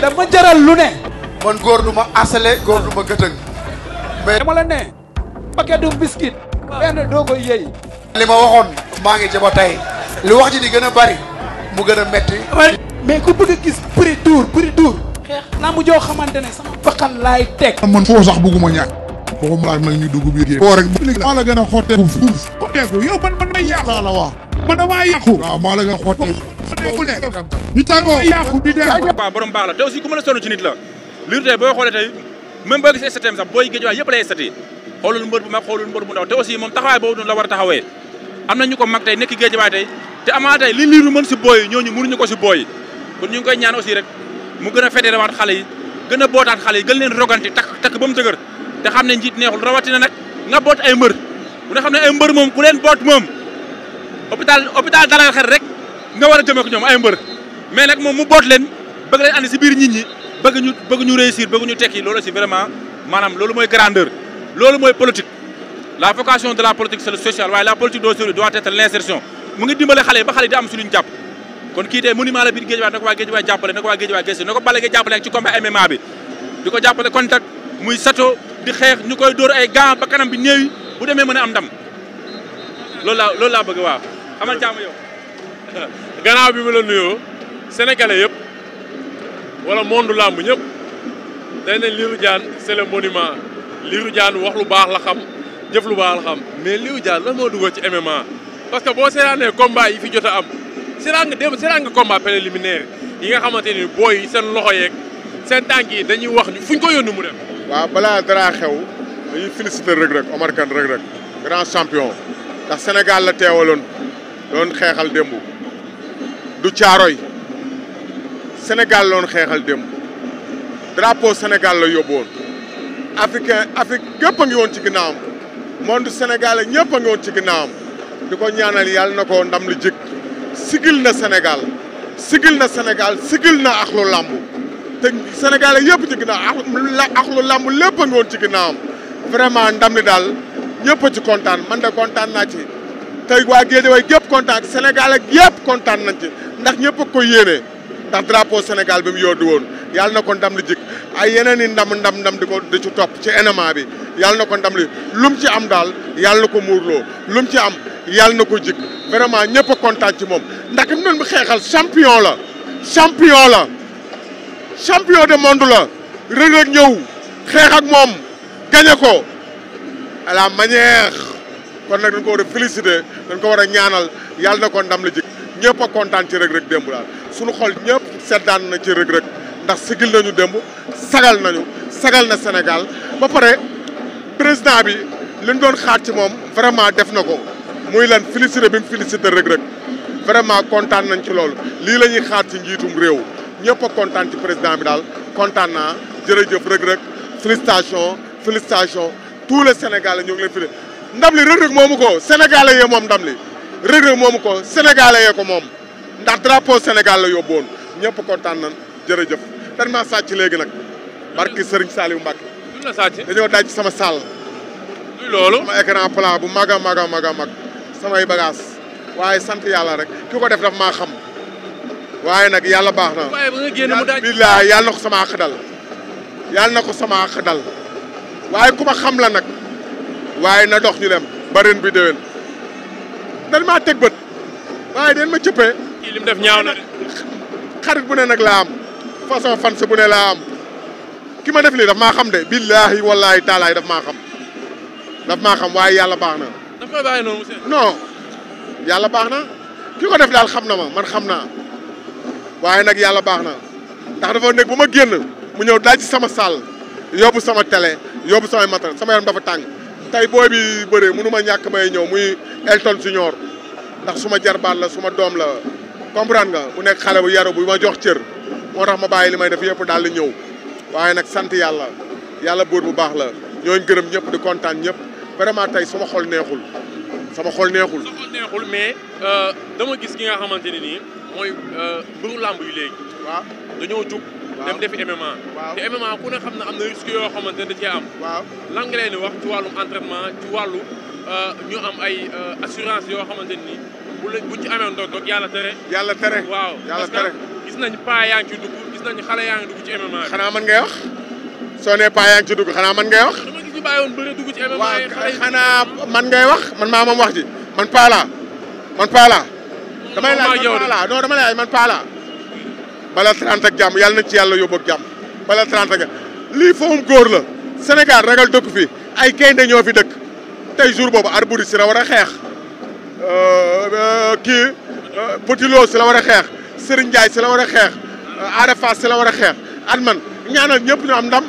lii dama jaral lu ne. man góor du ma asale góor du ma gëtëng. mais dama la ne. paquet du biscuit. benn doo koy yëy. li ma waxoon maa ngi jaba tey. li wax ji di gën a bari mu gën a metti mais ku bëgg a gis prix dur prix dur. xeex naa mu joo xamante ne sama bakkan laay teg. man foo sax bëgguma ñàkk. waxum laaj a ñu dugg biir kii. rek maa la gën a xottee. fuuf fuuf. yow man man may yàqu. la waaw man damaa maa la gën a xottee. ñu tàngoo yàqu di dem waaw borom baax a sonn ci nit la liir tey boo xoolee tey même boo gisee statam sax booy géej waay yëpp lay stati xoolul mbër bu mag xoolul mbër bu a taxawee a fédéré a bootaat xam ne njiit neexul rawatina nag nga boot ay mbër bu nga xam ne ay mbër moom ku leen boot moom hôpital dalal xel rek nga war a jëmee ko ñoom ay mbër mais nag moom mu boot leen bëgg leen andi si biir nit ñi bëgg ñu bëgg ñu réussir bëgg ñu tekki loolu si vraiment maanaam loolu mooy grandeur loolu mooy politique la vocation de la politique c'est le social waaye la politique d'aujourd'hui doit être l'insertion mu ngi dimbale xale yi ba xale yi di am su luñ jàpp kon kii tey monument la biir Guédiawaye na ko waa Guédiawaye ko waa Guédiawaye gëstu jàppale ci combat MMA bi di ko jàppale contact muy sato di xeex ñu koy dóor ay gants ba kanam bi néew bu demee mën a am ndam loolu laa loolu laa bëgg waaw amal jàmm yow gannaaw bi mu la nuyoo sénégalais yëpp wala monde làmb ñëpp dañ ne Lirou Diane c'est le monument Lirou wax lu baax la xam jëf lu baax la xam mais Lirou Diane lan moo duggoo ci MMA. parce que boo seetaanee combat yi fi jot a am seetaan nga dem seetaan nga combat préliminaire yi nga xamante booy yi seen loxo yeeg seen tànk yi dañuy wax ni fuñ ko yónni mu dem. waaw balaa dara xew dañuy féliciter Reug Reug Omar Kane Reug Reug grand champion ndax Sénégal la teewaloon doon xeexal démb. du caaroy Sénégal loon xeexal démb drapeau Sénégal la yóbbuwoon africain Afrique gépp a ngi woon ci ginnaawam monde Sénégal ñëpp a ngi woon ci ginnaawam di ko ñaanal yàlla na ko ndam li jik sigil na senegal sigil na senegal sigil na axlu làmb te Sénégal yëpp ci ginnaaw axlu làmb lépp a ngi woon ci ginnaawam vraiment ndam li daal ñëpp a ci kontaan man de kontaan naa ci tey waa Guédiawaye gépp kontaan Sénégal ak kontaan nañ ci ndax ñëpp ko yéene ndax drapeau Sénégal bi mu yóodu woon yàlla na ko ndam li jik ay yeneen i ndam ndam ndam di ko di ci topp ci élément bi yàlla na ko ndam li lum ci am daal yàlla na ko muurloo lum ci am yàlla na ko jik vraiment ñëpp ko kontaan ci moom ndax ki mu doon xeexal champion la champion la de monde la Reug Reug ñëw ak moom gañe ko à la manière kon nag dañ ko war a féliciter dañ ko war a ñaanal yàlla na ko ndam la jik ñëpp a kontaan ci rëg-rëg démb daal suñu xol ñëpp seddaan na ci rëg-rëg ndax sigil nañu demb sagal nañu sagal na Sénégal ba pare président bi liñ doon xaar ci moom vraiment def na ko muy leen félicité bi mu félicité rëg-rëg vraiment kontaan nañ ci loolu lii la ñuy xaar ci njiitum réew ñëpp a kontaan ci président bi daal kontaan naa jërëjëf rëg-rëg félicitation félicitation tout le Sénégalais ñoo ngi leen fi ndam li rëg-rëg moomu ko Sénégalais yee moom ndam li Reug moomu ko sénégalais yee ko moom ndax drapeau Sénégal la ñëpp kontaan nañ jërëjëf dañ maa sàcc léegi nag barki Serigne Saliou Mbacke. duñ la sàcc dañoo daj sama salle. loolu sama écran bu mag a mag a mag a mag waaye sant yàlla rek ki ko def daf maa xam waaye nag yàlla baax na. waaye ba nga génn daaj billaay yàlla na ko sama àq dal yàlla na ko sama àq waaye ku ma xam la nag waaye na dox ñu dem ba bi déwén. dañ maa teg bët waaye dañ ma cëppee. def ñaaw na xarit bu ne nag la am façon fan bu ne laa am ki ma def lii daf maa xam de billaahi wallaahi taalaay daf maa xam daf maa xam waaye yàlla baax na. daf koy bàyyi non yàlla baax na ki ko def daal xam na ma man xam naa waaye nag yàlla baax na ndax dafa nekk bu ma génn mu ñëw daal ci sama salle yóbbu sama télé yóbbu samay matériel sama yaram dafa tàng tey booy bi bëree mënu ma ñàkk may ñëw muy si Junior ndax suma jarbaat la suma doom la comprendre nga bu nekk xale bu yaru bu ma jox cër moo tax ma bàyyi li may def yëpp daal di ñëw waaye nag sant yàlla yàlla buur bu baax la ñooñu gërëm ñëpp di kontaan ñëpp vraiment tey suma xol neexul sama xol neexul. sama xol neexul mais euh, dama gis ki nga xamante ne nii mooy euh, mbiru làmb yu léegi. waaw dañoo jug. dem def MMA. waaw te MMA ku ne xam na am na risque yoo xamante ne da cee am. waaw lan nga leen di wax ci wàllum entraînement ci wàllu. Euh, ñu am ay euh, assurance yoo xamante ni bu la bu yàlla tere. yàlla tere waaw gis nañ paa yaa ngi ci dugg gis nañ xale yaa ngi dugg ci MMA bi. xanaa mën ngay wax soo nee paa ci dugg xanaa man ngay wax. xanaa mën ngay wax man maa wax ji man paa laa man paa laa. Mm, damay laaj man paa laa non damay man paa bala 30 ak jàmm yàlla na ci yàlla yóbbu ak jàmm bala 30 ak lii foofu góor la Sénégal ragal dëkk fi ay gaynde ñoo fi dëkk tey jour boobu ar si la war a xeex euh, kii euh, Petit Lo si la war a xeex Serigne Ndiaye si la war a xeex euh, si la war a xeex at man ñaanal ñëpp ñu am ndam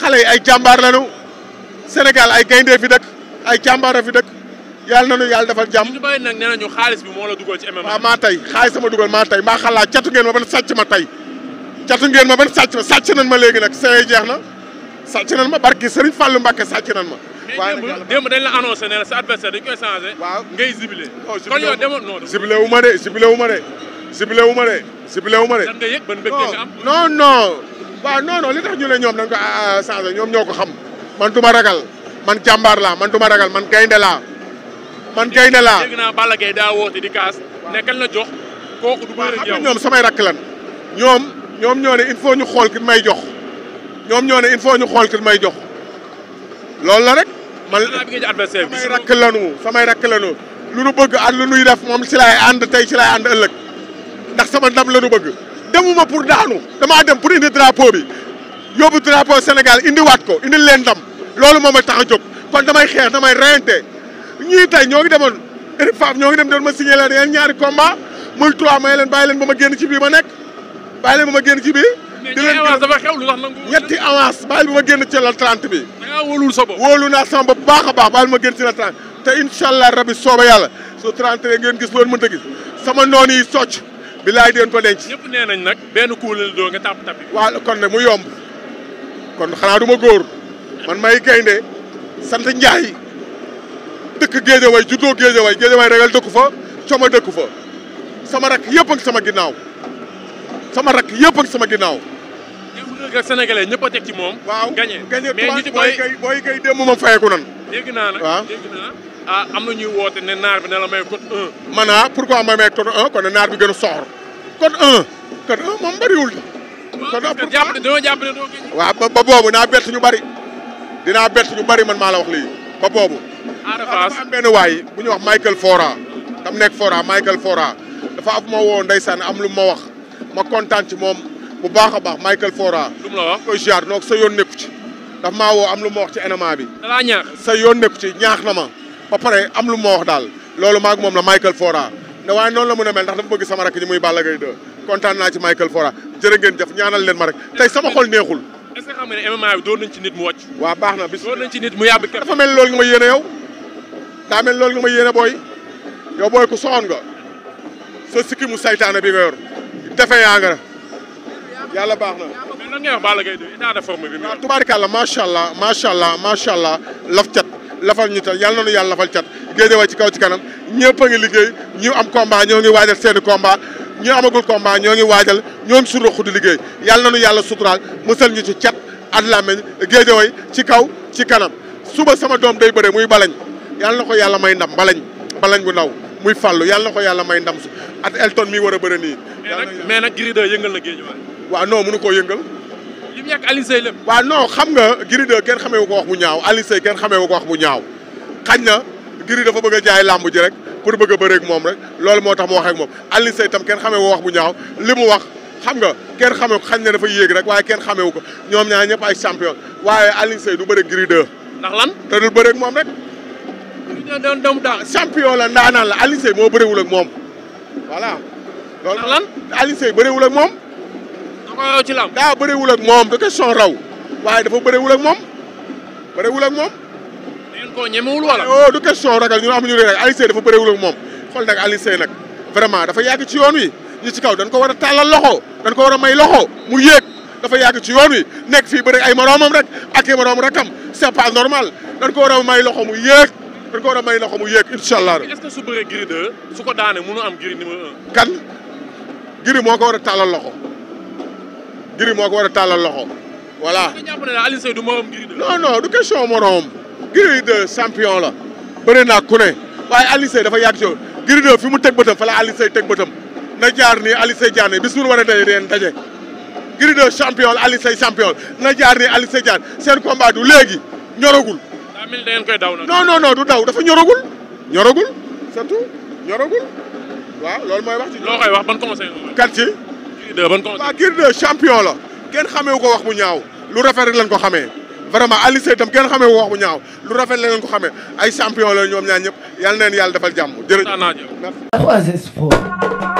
xale yi ay jàmbaar lañu Sénégal ay gayndee fi dëkk ay jàmbaar a fi dëkk yàlla nañu yàlla defal jàmm. ñu bàyyi nag nee nañu bi moo la dugal tey xaalis sama dugal maa tey maa xalaa catu ngeen ma ban sàcc ma tey catu ngeen ma ban sàcc ma sàcc nañ ma léegi nag sëñ jeex na sàcc nañ ma barki Serigne Fallou Mbacke sàcc nañ ma. waaye nag la annoncé ne la sa adversaire dañ koy changé. waaw ngay zibilé. kon yow demoon non zibilé wu ma de zibilé wu ma de. zibilé wu ma de zibilé wu de. lan nga yëg ban mbégte nga am. non non waaw non non li tax ñu ne ñoom dañ ko ah, ah, changé ñoom ñoo ko xam man du ma ragal man jàmbaar laa man du ma ragal man gaynde laa man gaynde laa. naa Balla daa woote la jox kooku du rakk lan ñoom ñoom ñoo ne il faut ñu xool ki jox ñoom ñoo ne il faut ñu xool may jox loolu la rek man samay rakk lanu samay rakk lanu lu nu bëgg ak lu nuy def moom si laay ànd tey si laay ànd ëllëg ndax sama ndam la nu bëgg demuma pour daanu damaa dem pour indi drapeau bi yóbbu drapeau Sénégal indiwaat ko indi leen ndam loolu moom a tax a jóg kon damay xeex damay reyante ñii tey ñoo ngi demoon Eric Faaf ñoo ngi dem doon ma signé leen ñaari combat muy trois may leen bàyyi leen ba ma génn ci bii ma nekk bàyyi leen ba ma génn ci bii di leen ñetti avance bàyyi bi ma génn ci la 30 bi. da ngaa wóolul sa bopp naa sama bopp baax a baax bàyyi ma génn ci la 30 te incha allah rabi sooba yàlla su 30 rek ngeen gis loolu mënta gis sama noonu yi socc bi laay deen ko denc. ñëpp nee nañ nag benn kuulal doo nga tàpp tàpp. waaw kon nag mu yomb kon xanaa du ma góor man may gaynde sant Njaay dëkk Géejawaay juddoo Géejawaay Géejawaay ragal dëkku fa coma dëkku fa sama rak yëpp ak sama ginnaaw sama rak yëpp ak sama ginnaaw ak sénégalais ñëpp a teg moom. waaw gagné mais ñu ci booy kay booy kay démb moom fayeku nan. dégg naa nag ah, am naar bi ah, a soxor. code 1 code 1 moom bëriwul. ba boobu naa bett bari dinaa bett ñu bari man maa la wax lii ba boobu. Ah, Ada Fass dafa bu ñu wax Michael Fora. tam nekk Fora Michael Fora dafa am ma woo ndeysaan am lu ma wax ma kontaan ci moom. bu baax a baax Michael Fora. lu mu la wax sa yoon nekku ci. daf maa woo am lu ma wax ci enema bi. dalaa ñaax sa yoon nekku ci ñaax na ma. ba pare am lu ma wax daal loolu maag moom la Michael Fora ne waaye noonu la mën a mel ndax dafa bëgg sama rakk ñi muy Balla Gaye 2 naa ci Michael Fora jërë ngeen jëf ñaanal leen ma rek tey sama xol neexul. est-ce que xam nga ne MMA bi doon nañ ci nit mu wàcc. waaw baax na bis. doon nañ nit mu yàbb dafa mel loolu nga ma yéene yow daa mel loolu nga ma yéene booy yow booy ku soxoon nga sa sikki mu bi nga yor defe yaa nga yàlla baax na. mais nan ngay wax Balla Gaye de macha allah macha allah macha allah laf cat lafal ñu yàlla nu yàlla lafal cat géej wa ci kaw ci kanam ñëpp a liggéey ñu am combat ñoo ngi waajal seeni combat ñu amagul combat ñoo ngi waajal ñoo ngi suruxu di liggéey yàlla na nu yàlla suturaal musal ñu ci cat at la meñ géej ci kaw ci kanam suba sama doom day bëre muy balañ yàlla na ko yàlla may ndam balañ balañ bu ndaw muy fàllu yàlla na ko yàlla may ndam su at Elton mi war a bëre nii. mais nag mais waaw non mënu koo yëngal. li mu yàq Alioune waaw non xam nga Gris 2 kenn xamee wu ko wax bu ñaaw Alioune Seye kenn xamee wu ko wax bu ñaaw xañ na Gris dafa bëgg a jaay làmb ji rek pour bëgg a moom rek loolu moo tax mu waxee moom Alioune tam kenn xamee woo wax bu ñaaw li mu wax xam nga kenn xamee ko xañ na dafa yéeg rek waaye kenn xamee wu ko ñoom ñaa ñëpp ay champion waaye Alioune Seye du bëreeg Gris 2. ndax lan te du bëreeg moom rek. champion la ndaanaan la Alioune moo bëreewul ak moom voilà. loolu lan Alioune Seye bëreewul moom ko raw ci lamb daa bëriwul moom du question raw waaye dafa bëriwul ak moom bëriwul ak moom. ngeen ko wala. oh du question ragal ñu am ñu ne rek Aliou Seye dafa bëriwul moom xool nag Aliou Seye nag vraiment dafa yàgg ci yoon wi ñu ci kaw dañ ko war a tàllal loxo dañ ko war a may loxo mu yéeg dafa yàgg ci yoon wi nekk fii bëri ay moroomam rek ak i moroom rakam c'est pas normal dañ ko war a may loxo mu yéeg dañ ko war a may loxo mu yéeg incha allah. est-ce que su bëree Gris 2 su ko daane mënu am Gris numéro 1. kan Gris moo ko war a tàllal loxo. Gris moo ko war a tàllal loxo voilà. nga jàpp ne Alioune Seye du morom Gris de. non non du question la. bëri naa ku ne waaye Alioune dafa yàgg ci Gris fi mu teg bëtam fala la Alioune Seye teg bëtam na jaar nii Alioune Seye jaar nii bis bu war a daje deen daje. Gris de champion la Alioune na jaar nii Alioune Seye jaar seen combat du léegi ñoragul. daa mel da koy daw nag. non non non du daw dafa ñoragul. ñoragul surtout ñoragul waaw loolu mooy wax ci. loo koy wax ban 2 ban waaw Gris 2 champion la kenn xamee ko wax bu ñaaw lu rafet rek lañ ko xamee vraiment Alioune Seye kenn xamee ko wax bu ñaaw lu rafet lañ ko xamee ay champion la ñoom ñaar ñëpp yal na leen yàlla defal jàmm jërëjëf.